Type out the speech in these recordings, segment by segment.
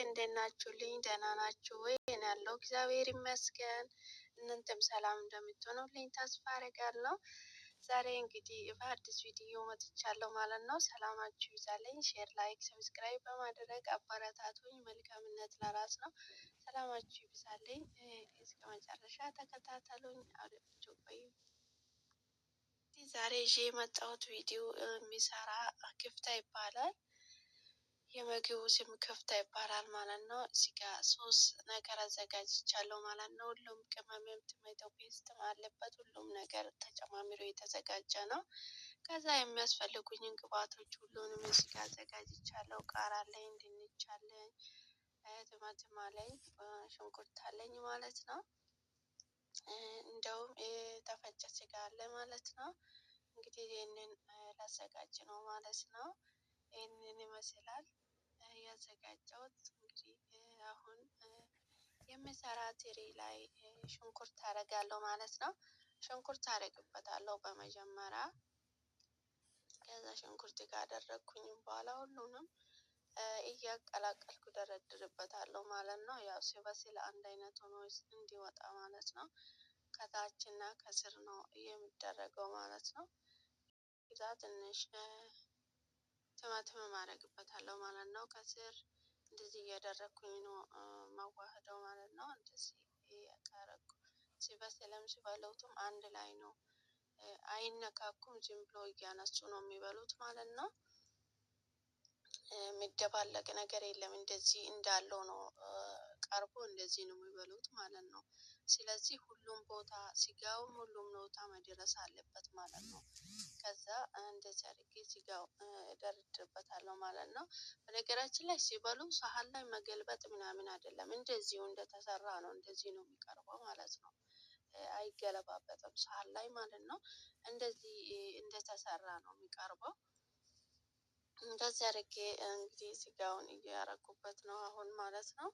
እንዴት ናችሁልኝ? ደህና ናችሁ ወይ? እኔ ያለው እግዚአብሔር ይመስገን፣ እናንተም ሰላም እንደምትሆኑልኝ ተስፋ አደርጋለሁ። ዛሬ እንግዲህ በአዲስ ቪዲዮ መጥቻለሁ ማለት ነው። ሰላማችሁ ይዛለኝ። ሼር፣ ላይክ፣ ሰብስክራይብ በማድረግ አበረታቱኝ። መልካምነት ለራስ ነው። ሰላማችሁ ይብዛለኝ። እስከ መጨረሻ ተከታተሉኝ። አብራችሁ ቆዩ። ዛሬ ይዤ የመጣሁት ቪዲዮ የሚሰራ ክፍታ ይባላል። የምግቡ ስም ክፍታ ይባላል ማለት ነው። እዚህ ጋ ሶስት ነገር አዘጋጅቻለሁ ማለት ነው። ሁሉም ቅመም የምትመጠ ፔስት አለበት ሁሉም ነገር ተጨማምሮ የተዘጋጀ ነው። ከዛ የሚያስፈልጉኝን ግብአቶች ሁሉንም እዚህ ጋ አዘጋጅቻለሁ። ቃራ አለኝ፣ ድንች አለኝ፣ ቲማቲም አለኝ፣ ሽንኩርት አለኝ ማለት ነው። እንደውም የተፈጨ ስጋ አለ ማለት ነው። እንግዲህ ይህንን ላዘጋጅ ነው ማለት ነው። ይህንን ይመስላል። ያዘጋጀሁት እንግዲህ አሁን የምሰራ ትሪ ላይ ሽንኩርት አደርጋለሁ ማለት ነው። ሽንኩርት አረግበታለሁ በመጀመሪያ ከዛ ሽንኩርት ካደረግኩኝ በኋላ ሁሉንም እያቀላቀልኩ ደረድርበታለሁ ማለት ነው። ያው ሲበስል አንድ አይነት ሆኖ እንዲወጣ ማለት ነው። ከታች እና ከስር ነው የሚደረገው ማለት ነው። እዛ ትንሽ ትመትም አደርግበታለሁ ማለት ነው። ከስር እንደዚህ እያደረግኩኝ ነው ማዋህደው ማለት ነው። እንደዚህ እያደረግኩ ሲበስልም ሲበሉትም አንድ ላይ ነው፣ አይነካኩም። ዝም ብሎ እያነሱ ነው የሚበሉት ማለት ነው። የሚደባለቅ ነገር የለም። እንደዚህ እንዳለው ነው ቀርቦ እንደዚህ ነው የሚበሉት ማለት ነው። ስለዚህ ሁሉም ቦታ ስጋውም ሁሉም ቦታ መድረስ አለበት ማለት ነው። እንደዚህ አድርጌ እዚህ ጋር ማለት ነው። በነገራችን ላይ ሲበሉ ሳህን ላይ መገልበጥ ምናምን አይደለም፣ እንደዚሁ እንደተሰራ ነው። እንደዚህ ነው የሚቀርበው ማለት ነው። አይገለባበጥም ሳህን ላይ ማለት ነው። እንደዚህ እንደተሰራ ነው የሚቀርበው። እንደዚህ አድርጌ እንግዲህ ስጋውን እያረጉበት ነው አሁን ማለት ነው።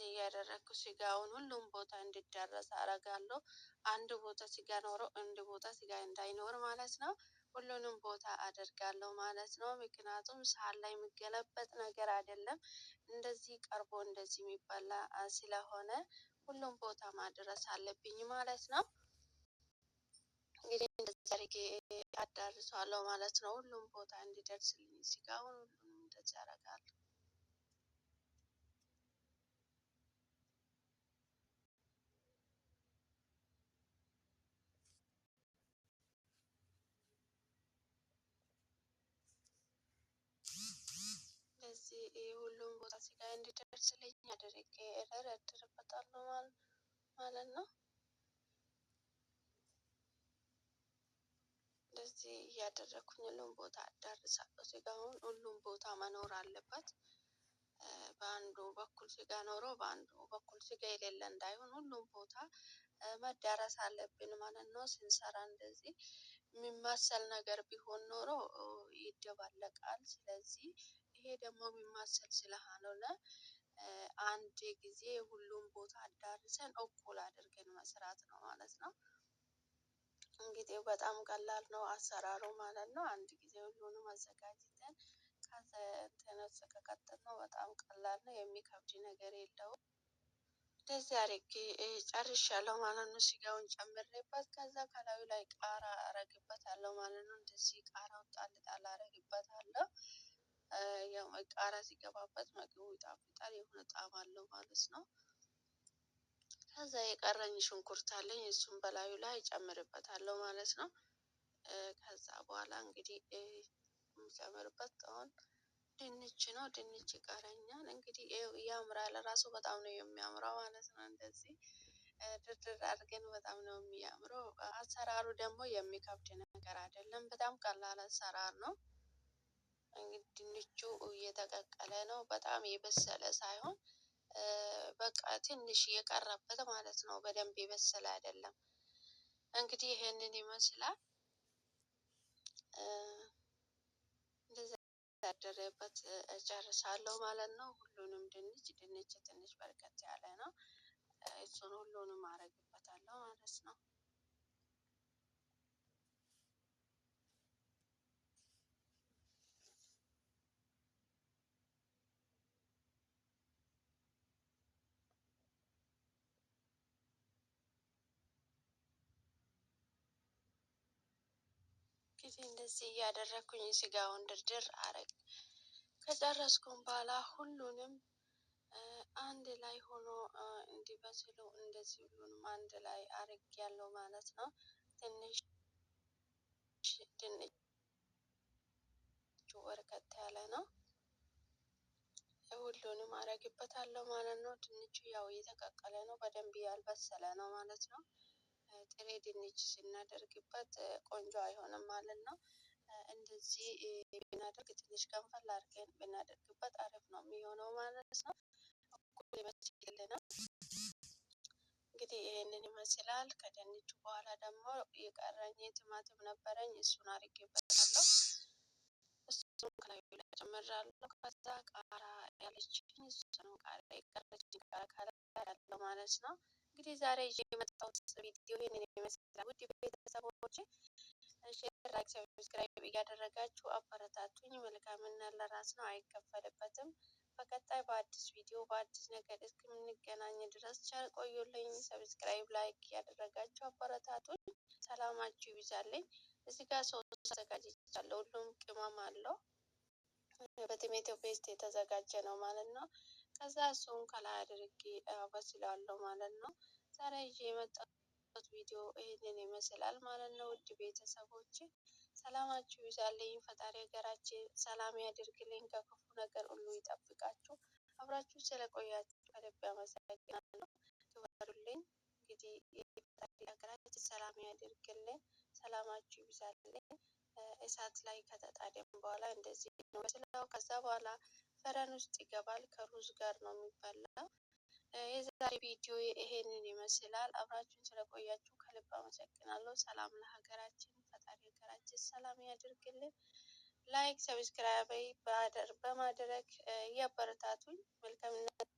እንደዚህ እያደረግኩ ስጋውን ሁሉም ቦታ እንዲዳረስ አረጋለሁ። አንድ ቦታ ስጋ ኖሮ አንድ ቦታ ስጋ እንዳይኖር ማለት ነው። ሁሉንም ቦታ አደርጋለሁ ማለት ነው። ምክንያቱም ሳህን ላይ የሚገለበጥ ነገር አይደለም። እንደዚህ ቀርቦ እንደዚህ የሚበላ ስለሆነ ሁሉም ቦታ ማድረስ አለብኝ ማለት ነው። እንግዲህ እንደዚህ አድርጌ አዳርሰዋለሁ ማለት ነው። ሁሉም ቦታ እንዲደርስልኝ ስጋውን ሁሉንም እንደዚህ አረጋለሁ። ስለዚህ ሁሉም ቦታ እዚህ ጋር እንዲደርስልኝ አድርጌ እደረድርበታለሁ ማለት ነው። እንደዚህ እያደረግኩኝ ሁሉም ቦታ አዳርሳለሁ። ስጋ አሁን ሁሉም ቦታ መኖር አለበት። በአንዱ በኩል ስጋ ኖሮ በአንዱ በኩል ስጋ የሌለ እንዳይሆን ሁሉም ቦታ መዳረስ አለብን ማለት ነው። ስንሰራ እንደዚህ የሚመሰል ነገር ቢሆን ኖሮ ይደባለቃል። ስለዚህ ይሄ ደግሞ የሚማሰል ስለሆነ አንድ ጊዜ ሁሉም ቦታ አዳርሰን እኩል አድርገን መስራት ነው ማለት ነው። እንግዲህ በጣም ቀላል ነው አሰራሩ ማለት ነው። አንድ ጊዜ ሁሉንም አዘጋጅተን ከነሱ ከቀጠልነው በጣም ቀላል ነው፣ የሚከብድ ነገር የለውም። እንደዚህ አድርጌ ጨርሻለሁ ማለት ነው። ስጋውን ጨምሬበት ከዛ ከላዩ ላይ ቃራ አረግበታለሁ ማለት ነው። እንደዚህ ቃራውን ጣል ጣል አረግበታለሁ። ያው ሲገባበት ምግቡ ይጣፍጣል። የሆነ ጣዕም አለው ማለት ነው። ከዛ የቀረኝ ሽንኩርት አለኝ እሱም በላዩ ላይ እጨምርበታለሁ ማለት ነው። ከዛ በኋላ እንግዲህ የሚጨምርበት ከሆን ድንች ነው። ድንች ይቀረኛል እንግዲህ ያምራል። ራሱ በጣም ነው የሚያምረው ማለት ነው። እንደዚህ ድርድር አድርገን በጣም ነው የሚያምረው። አሰራሩ ደግሞ የሚከብድ ነገር አይደለም። በጣም ቀላል አሰራር ነው። ድንቹ እየተቀቀለ ነው። በጣም የበሰለ ሳይሆን በቃ ትንሽ የቀረበት ማለት ነው። በደንብ የበሰለ አይደለም። እንግዲህ ይህንን ይመስላል። ያደረበት እጨርሳለሁ ማለት ነው። ሁሉንም ድንች ድንች ትንሽ በርከት ያለ ነው። እሱን ሁሉንም አረግበታለሁ ማለት ነው። ፊት እንደዚህ እያደረግኩኝ ስጋውን ድርድር አረግ ከጨረስኩም በኋላ ሁሉንም አንድ ላይ ሆኖ እንዲበስሉ እንደዚህ ሁሉንም አንድ ላይ አረግ ያለው ማለት ነው። ትንሽ ድንች ወርከት ያለ ነው። ሁሉንም አረግበታለሁ ማለት ነው። ድንቹ ያው እየተቀቀለ ነው፣ በደንብ ያልበሰለ ነው ማለት ነው። ጥሬ ድንች ስናደርግበት ቆንጆ አይሆንም ማለት ነው። እንደዚህ ብናደርግ ትንሽ ገንፈል አድርገን ብናደርግበት አሪፍ ነው የሚሆነው ማለት ነው። እኩል ይመስልልናል። እንግዲህ ይህንን ይመስላል። ከድንቹ በኋላ ደግሞ የቀረኝ ቲማቲም ነበረኝ እሱን አድርጌበታለሁ። ጨምራለሁ። ከዛ ቃራ ያለችኝ እሱንም ቃራ የቀረችኝ ቃራ ያለው ማለት ነው። እንግዲህ ዛሬ ይዤ የመጣሁት ቪዲዮ ይህንን ይመስላል። ውድ ቤተሰቦች ሼር፣ ላይክ፣ ሰብስክራይብ እያደረጋችሁ አበረታቱኝ። መልካምና ለራስ ነው አይከፈልበትም። በቀጣይ በአዲስ ቪዲዮ በአዲስ ነገር እስክንገናኝ ድረስ ቸር ቆዩልኝ። ሰብስክራይብ ላይክ እያደረጋችሁ አበረታቱኝ። ሰላማችሁ ይብዛልኝ። እዚህ ጋር ሶስት አዘጋጅቻለሁ። ሁሉም ቅመም አለው። በቲሜቲዮ ፔስት የተዘጋጀ ነው ማለት ነው። ከዛ እሱን ከላይ አድርጌ በስላለሁ ማለት ነው። ዛሬ ይዤ የመጣሁት ቪዲዮ ይህንን ይመስላል ማለት ነው። ውድ ቤተሰቦች ሰላማችሁ ይዛልኝ፣ ፈጣሪ ሀገራችን ሰላም ያድርግልኝ፣ ከክፉ ነገር ሁሉ ይጠብቃችሁ። አብራችሁ ስለቆያችሁ ከልብ አመሰግናለሁ። ክበሩልኝ። እንግዲህ ሀገራችን ሰላም ያድርግልን። ሰላማችሁ ይብዛልኝ። እሳት ላይ ከተጣደም በኋላ እንደዚህ ነው መስለው። ከዛ በኋላ ፈረን ውስጥ ይገባል። ከሩዝ ጋር ነው የሚበላው። የዛሬ ቪዲዮ ይሄንን ይመስላል። አብራችሁን ስለቆያችሁ ከልብ አመሰግናለሁ። ሰላም ለሀገራችን፣ ፈጣሪ ሀገራችን ሰላም ያድርግልን። ላይክ ሰብስክራይብ በማድረግ እያበረታቱኝ መልካምነት